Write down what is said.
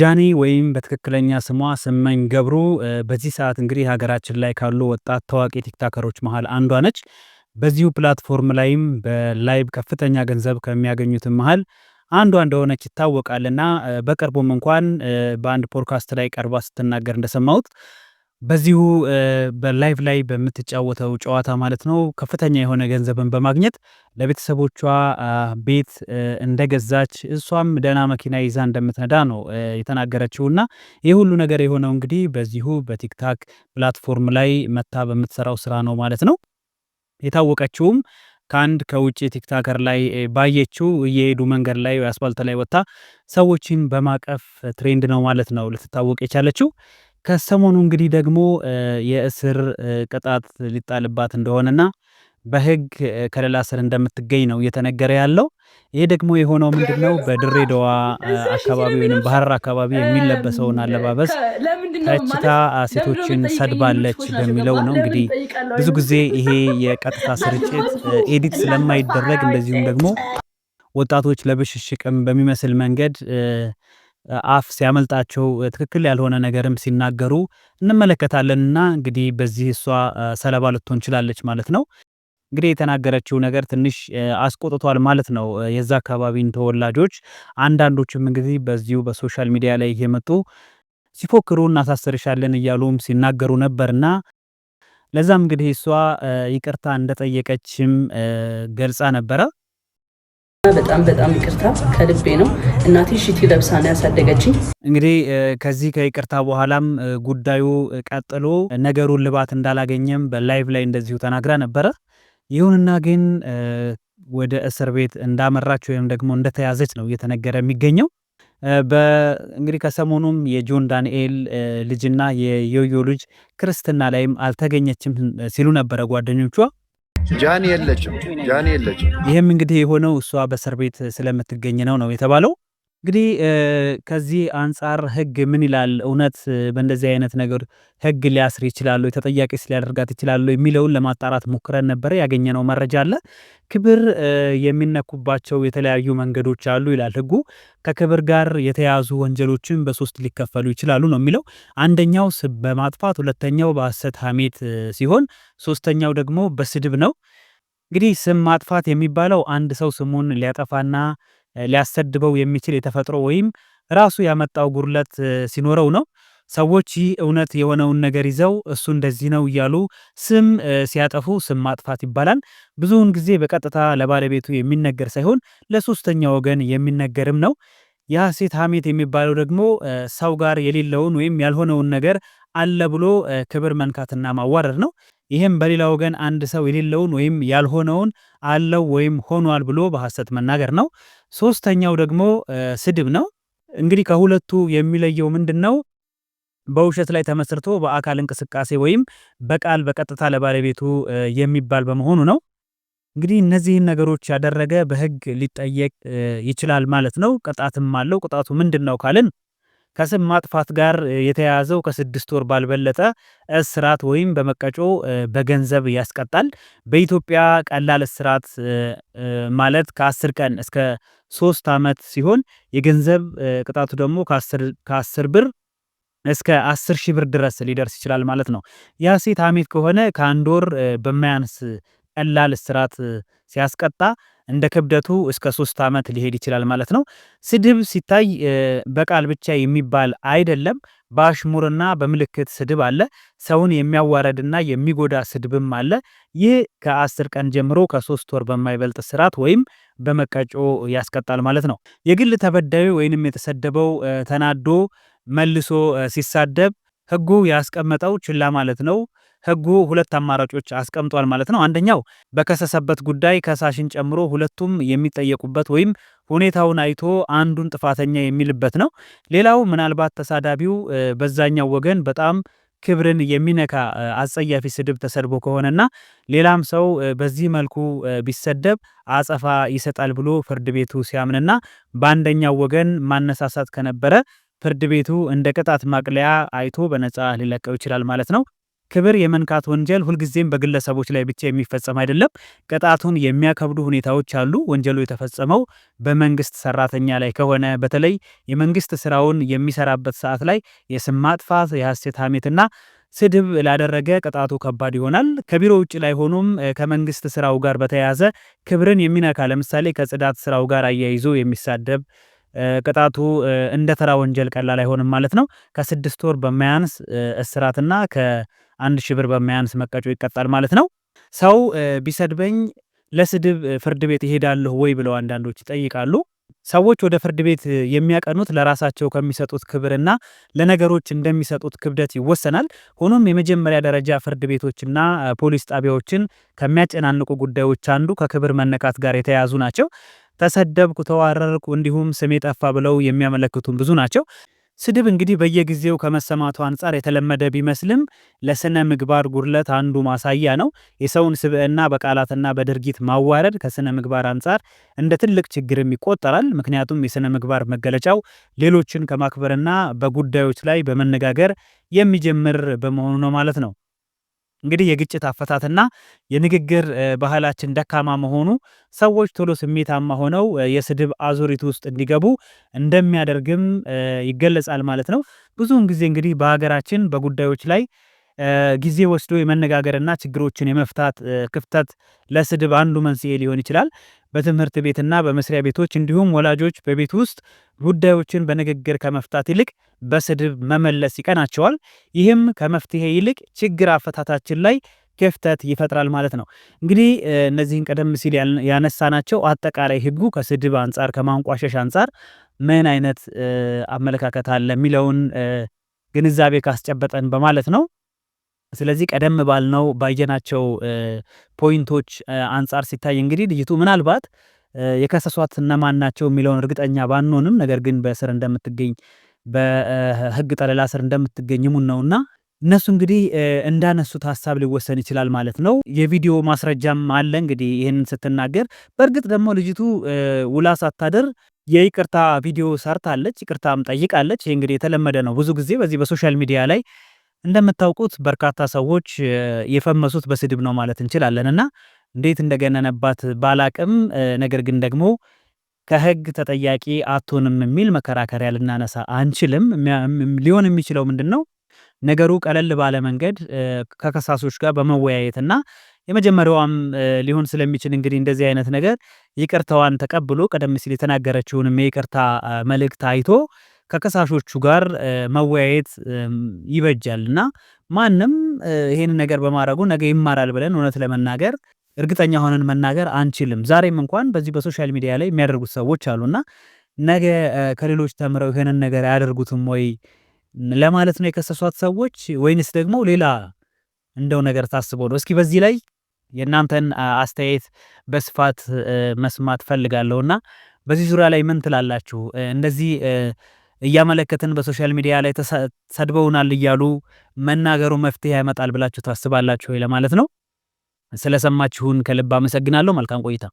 ጃኒ ወይም በትክክለኛ ስሟ ስመኝ ገብሩ በዚህ ሰዓት እንግዲህ ሀገራችን ላይ ካሉ ወጣት ታዋቂ ቲክታከሮች መሀል አንዷ ነች። በዚሁ ፕላትፎርም ላይም በላይቭ ከፍተኛ ገንዘብ ከሚያገኙትም መሀል አንዷ እንደሆነች ይታወቃልና በቅርቡም እንኳን በአንድ ፖድካስት ላይ ቀርባ ስትናገር እንደሰማሁት በዚሁ በላይቭ ላይ በምትጫወተው ጨዋታ ማለት ነው ከፍተኛ የሆነ ገንዘብን በማግኘት ለቤተሰቦቿ ቤት እንደገዛች እሷም ደህና መኪና ይዛ እንደምትነዳ ነው የተናገረችው። እና ይህ ሁሉ ነገር የሆነው እንግዲህ በዚሁ በቲክታክ ፕላትፎርም ላይ መታ በምትሰራው ስራ ነው ማለት ነው። የታወቀችውም ከአንድ ከውጭ ቲክታከር ላይ ባየችው እየሄዱ መንገድ ላይ አስፋልት ላይ ወጥታ ሰዎችን በማቀፍ ትሬንድ ነው ማለት ነው ልትታወቅ የቻለችው። ከሰሞኑ እንግዲህ ደግሞ የእስር ቅጣት ሊጣልባት እንደሆነና በህግ ከለላ ስር እንደምትገኝ ነው እየተነገረ ያለው። ይሄ ደግሞ የሆነው ምንድን ነው? በድሬዳዋ አካባቢ ወይም ባህር አካባቢ የሚለበሰውን አለባበስ ተችታ ሴቶችን ሰድባለች በሚለው ነው። እንግዲህ ብዙ ጊዜ ይሄ የቀጥታ ስርጭት ኤዲት ስለማይደረግ እንደዚሁም ደግሞ ወጣቶች ለብሽሽቅም በሚመስል መንገድ አፍ ሲያመልጣቸው ትክክል ያልሆነ ነገርም ሲናገሩ እንመለከታለንና እንግዲህ በዚህ እሷ ሰለባ ልትሆን ችላለች ማለት ነው። እንግዲህ የተናገረችው ነገር ትንሽ አስቆጥቷል ማለት ነው የዛ አካባቢን ተወላጆች። አንዳንዶችም እንግዲህ በዚሁ በሶሻል ሚዲያ ላይ እየመጡ ሲፎክሩ እናሳስርሻለን እያሉም ሲናገሩ ነበርና ለዛም እንግዲህ እሷ ይቅርታ እንደጠየቀችም ገልጻ ነበረ። በጣም በጣም ይቅርታ ከልቤ ነው። እናቴ ሽቲ ለብሳ ነው ያሳደገችኝ። እንግዲህ ከዚህ ከይቅርታ በኋላም ጉዳዩ ቀጥሎ ነገሩን ልባት እንዳላገኘም በላይቭ ላይ እንደዚሁ ተናግራ ነበረ። ይሁንና ግን ወደ እስር ቤት እንዳመራች ወይም ደግሞ እንደተያዘች ነው እየተነገረ የሚገኘው። እንግዲህ ከሰሞኑም የጆን ዳንኤል ልጅና የዮዮ ልጅ ክርስትና ላይም አልተገኘችም ሲሉ ነበረ ጓደኞቿ። ጃኒ የለችም ጃኒ የለችም። ይህም እንግዲህ የሆነው እሷ በእስር ቤት ስለምትገኝ ነው ነው የተባለው። እንግዲህ ከዚህ አንጻር ህግ ምን ይላል? እውነት በእንደዚህ አይነት ነገር ህግ ሊያስር ይችላሉ፣ ወይ? ተጠያቂስ ሊያደርጋት ይችላሉ የሚለውን ለማጣራት ሞክረን ነበረ። ያገኘነው መረጃ አለ። ክብር የሚነኩባቸው የተለያዩ መንገዶች አሉ ይላል ህጉ። ከክብር ጋር የተያዙ ወንጀሎችን በሶስት ሊከፈሉ ይችላሉ ነው የሚለው። አንደኛው ስም በማጥፋት፣ ሁለተኛው በሐሰት ሐሜት ሲሆን ሶስተኛው ደግሞ በስድብ ነው። እንግዲህ ስም ማጥፋት የሚባለው አንድ ሰው ስሙን ሊያጠፋና ሊያሰድበው የሚችል የተፈጥሮ ወይም ራሱ ያመጣው ጉድለት ሲኖረው ነው። ሰዎች ይህ እውነት የሆነውን ነገር ይዘው እሱ እንደዚህ ነው እያሉ ስም ሲያጠፉ ስም ማጥፋት ይባላል። ብዙውን ጊዜ በቀጥታ ለባለቤቱ የሚነገር ሳይሆን ለሶስተኛ ወገን የሚነገርም ነው። ሴት ሐሜት የሚባለው ደግሞ ሰው ጋር የሌለውን ወይም ያልሆነውን ነገር አለ ብሎ ክብር መንካትና ማዋረድ ነው። ይህም በሌላ ወገን አንድ ሰው የሌለውን ወይም ያልሆነውን አለው ወይም ሆኗል ብሎ በሐሰት መናገር ነው። ሶስተኛው ደግሞ ስድብ ነው። እንግዲህ ከሁለቱ የሚለየው ምንድን ነው? በውሸት ላይ ተመስርቶ በአካል እንቅስቃሴ ወይም በቃል በቀጥታ ለባለቤቱ የሚባል በመሆኑ ነው። እንግዲህ እነዚህን ነገሮች ያደረገ በሕግ ሊጠየቅ ይችላል ማለት ነው። ቅጣትም አለው። ቅጣቱ ምንድን ነው ካልን ከስም ማጥፋት ጋር የተያያዘው ከስድስት ወር ባልበለጠ እስራት ወይም በመቀጮ በገንዘብ ያስቀጣል። በኢትዮጵያ ቀላል እስራት ማለት ከአስር ቀን እስከ ሶስት ዓመት ሲሆን የገንዘብ ቅጣቱ ደግሞ ከአስር ብር እስከ አስር ሺህ ብር ድረስ ሊደርስ ይችላል ማለት ነው። ሴት ሐሜት ከሆነ ከአንድ ወር በማያንስ ቀላል እስራት ሲያስቀጣ እንደ ክብደቱ እስከ ሶስት ዓመት ሊሄድ ይችላል ማለት ነው። ስድብ ሲታይ በቃል ብቻ የሚባል አይደለም። በአሽሙርና በምልክት ስድብ አለ። ሰውን የሚያዋረድና የሚጎዳ ስድብም አለ። ይህ ከአስር ቀን ጀምሮ ከሶስት ወር በማይበልጥ ስርዓት ወይም በመቀጮ ያስቀጣል ማለት ነው። የግል ተበዳዩ ወይንም የተሰደበው ተናዶ መልሶ ሲሳደብ ህጉ ያስቀመጠው ችላ ማለት ነው ህጉ ሁለት አማራጮች አስቀምጧል ማለት ነው። አንደኛው በከሰሰበት ጉዳይ ከሳሽን ጨምሮ ሁለቱም የሚጠየቁበት ወይም ሁኔታውን አይቶ አንዱን ጥፋተኛ የሚልበት ነው። ሌላው ምናልባት ተሳዳቢው በዛኛው ወገን በጣም ክብርን የሚነካ አጸያፊ ስድብ ተሰድቦ ከሆነና ሌላም ሰው በዚህ መልኩ ቢሰደብ አጸፋ ይሰጣል ብሎ ፍርድ ቤቱ ሲያምንና በአንደኛው ወገን ማነሳሳት ከነበረ ፍርድ ቤቱ እንደ ቅጣት ማቅለያ አይቶ በነፃ ሊለቀው ይችላል ማለት ነው። ክብር የመንካት ወንጀል ሁልጊዜም በግለሰቦች ላይ ብቻ የሚፈጸም አይደለም። ቅጣቱን የሚያከብዱ ሁኔታዎች አሉ። ወንጀሉ የተፈጸመው በመንግስት ሰራተኛ ላይ ከሆነ በተለይ የመንግስት ስራውን የሚሰራበት ሰዓት ላይ የስም ማጥፋት፣ የሐሰት ሐሜትና ስድብ ላደረገ ቅጣቱ ከባድ ይሆናል። ከቢሮ ውጭ ላይ ሆኖም ከመንግስት ስራው ጋር በተያያዘ ክብርን የሚነካ ለምሳሌ ከጽዳት ስራው ጋር አያይዞ የሚሳደብ ቅጣቱ እንደ ተራ ወንጀል ቀላል አይሆንም ማለት ነው። ከስድስት ወር በማያንስ እስራትና አንድ ሺህ ብር በማያንስ መቀጮ ይቀጣል ማለት ነው። ሰው ቢሰድበኝ ለስድብ ፍርድ ቤት ይሄዳለሁ ወይ ብለው አንዳንዶች ይጠይቃሉ። ሰዎች ወደ ፍርድ ቤት የሚያቀኑት ለራሳቸው ከሚሰጡት ክብርና ለነገሮች እንደሚሰጡት ክብደት ይወሰናል። ሆኖም የመጀመሪያ ደረጃ ፍርድ ቤቶችና ፖሊስ ጣቢያዎችን ከሚያጨናንቁ ጉዳዮች አንዱ ከክብር መነካት ጋር የተያያዙ ናቸው። ተሰደብኩ፣ ተዋረርኩ እንዲሁም ስሜ ጠፋ ብለው የሚያመለክቱን ብዙ ናቸው። ስድብ እንግዲህ በየጊዜው ከመሰማቱ አንጻር የተለመደ ቢመስልም ለስነ ምግባር ጉድለት አንዱ ማሳያ ነው። የሰውን ስብዕና በቃላትና በድርጊት ማዋረድ ከስነ ምግባር አንጻር እንደ ትልቅ ችግርም ይቆጠራል። ምክንያቱም የስነ ምግባር መገለጫው ሌሎችን ከማክበርና በጉዳዮች ላይ በመነጋገር የሚጀምር በመሆኑ ነው ማለት ነው። እንግዲህ የግጭት አፈታትና የንግግር ባህላችን ደካማ መሆኑ ሰዎች ቶሎ ስሜታማ ሆነው የስድብ አዙሪት ውስጥ እንዲገቡ እንደሚያደርግም ይገለጻል ማለት ነው። ብዙውን ጊዜ እንግዲህ በሀገራችን በጉዳዮች ላይ ጊዜ ወስዶ የመነጋገርና ችግሮችን የመፍታት ክፍተት ለስድብ አንዱ መንስኤ ሊሆን ይችላል። በትምህርት ቤትና በመስሪያ ቤቶች እንዲሁም ወላጆች በቤት ውስጥ ጉዳዮችን በንግግር ከመፍታት ይልቅ በስድብ መመለስ ይቀናቸዋል። ይህም ከመፍትሄ ይልቅ ችግር አፈታታችን ላይ ክፍተት ይፈጥራል ማለት ነው። እንግዲህ እነዚህን ቀደም ሲል ያነሳናቸው አጠቃላይ ህጉ ከስድብ አንጻር ከማንቋሸሽ አንጻር ምን አይነት አመለካከት አለ የሚለውን ግንዛቤ ካስጨበጠን በማለት ነው። ስለዚህ ቀደም ባልነው ባየናቸው ፖይንቶች አንጻር ሲታይ እንግዲህ ልጅቱ ምናልባት የከሰሷት እነማን ናቸው የሚለውን እርግጠኛ ባንሆንም፣ ነገር ግን በስር እንደምትገኝ በህግ ጠለላ ስር እንደምትገኝ ሙን ነውና እነሱ እንግዲህ እንዳነሱት ሀሳብ ሊወሰን ይችላል ማለት ነው። የቪዲዮ ማስረጃም አለ እንግዲህ ይህንን ስትናገር። በእርግጥ ደግሞ ልጅቱ ውላ ሳታድር የይቅርታ ቪዲዮ ሰርታለች፣ ይቅርታም ጠይቃለች። ይህ እንግዲህ የተለመደ ነው። ብዙ ጊዜ በዚህ በሶሻል ሚዲያ ላይ እንደምታውቁት በርካታ ሰዎች የፈመሱት በስድብ ነው ማለት እንችላለን እና እንዴት እንደገነነባት ባላቅም፣ ነገር ግን ደግሞ ከህግ ተጠያቂ አትሆንም የሚል መከራከሪያ ልናነሳ አንችልም። ሊሆን የሚችለው ምንድን ነው? ነገሩ ቀለል ባለ መንገድ ከከሳሾች ጋር በመወያየትና የመጀመሪያዋም ሊሆን ስለሚችል እንግዲህ እንደዚህ አይነት ነገር ይቅርታዋን ተቀብሎ ቀደም ሲል የተናገረችውንም የይቅርታ መልእክት አይቶ ከከሳሾቹ ጋር መወያየት ይበጃል እና ማንም ይሄንን ነገር በማድረጉ ነገ ይማራል ብለን እውነት ለመናገር እርግጠኛ ሆነን መናገር አንችልም። ዛሬም እንኳን በዚህ በሶሻል ሚዲያ ላይ የሚያደርጉት ሰዎች አሉና ነገ ከሌሎች ተምረው ይሄንን ነገር አያደርጉትም ወይ ለማለት ነው የከሰሷት ሰዎች፣ ወይንስ ደግሞ ሌላ እንደው ነገር ታስበው ነው? እስኪ በዚህ ላይ የእናንተን አስተያየት በስፋት መስማት ፈልጋለሁና በዚህ ዙሪያ ላይ ምን ትላላችሁ? እንደዚህ እያመለከትን በሶሻል ሚዲያ ላይ ተሰድበውናል እያሉ መናገሩ መፍትሄ ያመጣል ብላችሁ ታስባላችሁ ወይ ለማለት ነው። ስለሰማችሁን ከልብ አመሰግናለሁ። መልካም ቆይታ